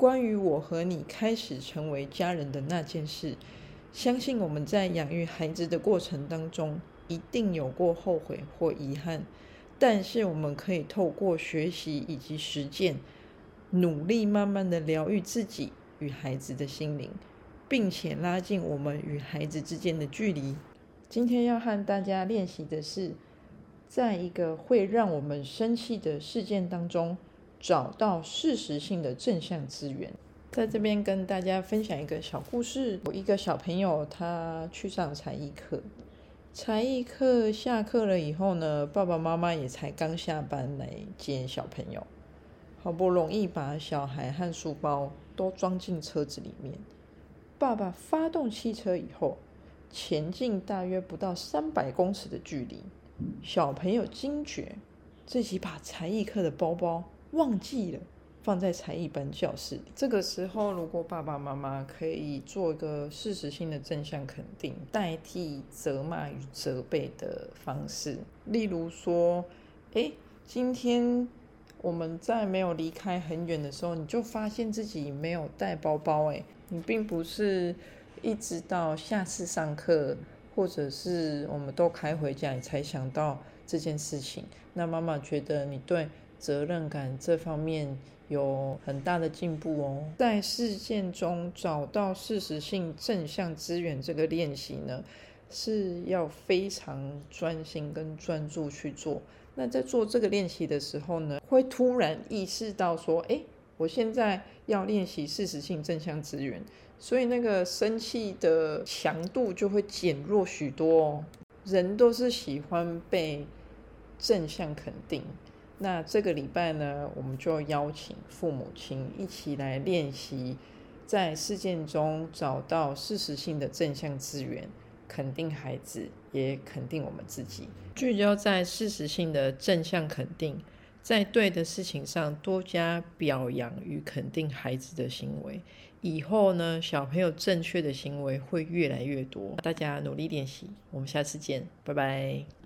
關於我和你開始成為家人的那件事，相信我們在養育孩子的過程當中，一定有過後悔或遺憾。但是我們可以透過學習以及實踐，努力慢慢的療癒自己與孩子的心靈，並且拉近我們與孩子之間的距離。今天要和大家練習的是，在一個會讓我們生氣的事件當中。找到事實性的正向資源，在這邊跟大家分享一個小故事。有一個小朋友，他去上才藝課，才藝課下課了以後呢，爸爸媽媽也才剛下班來接小朋友，好不容易把小孩和書包都裝進車子裡面，爸爸發動汽車以後，前進大約不到三百公尺的距離，小朋友驚覺自己把才藝課的包包忘記了放在才藝班教室裡。這個時候，如果爸爸媽媽可以做一個事實性的正向肯定，代替責罵與責備的方式，例如說：“哎，今天我們在沒有離開很遠的時候，你就發現自己沒有帶包包。哎，你並不是一直到下次上課，或者是我們都開回家，你才想到這件事情。那媽媽覺得你對。”責任感這方面有很大的進步哦。在事件中找到事實性正向資源這個練習呢，是要非常專心跟專注去做。那在做這個練習的時候呢，會突然意識到說：“哎，我現在要練習事實性正向資源，所以那個生氣的強度就會減弱許多哦。”人都是喜歡被正向肯定。那這個禮拜呢，我們就邀請父母親一起來練習，在事件中找到事實性的正向資源，肯定孩子，也肯定我們自己，聚焦在事實性的正向肯定，在對的事情上多加表揚與肯定孩子的行為，以後呢，小朋友正確的行為會越來越多，大家努力練習，我們下次見，拜拜。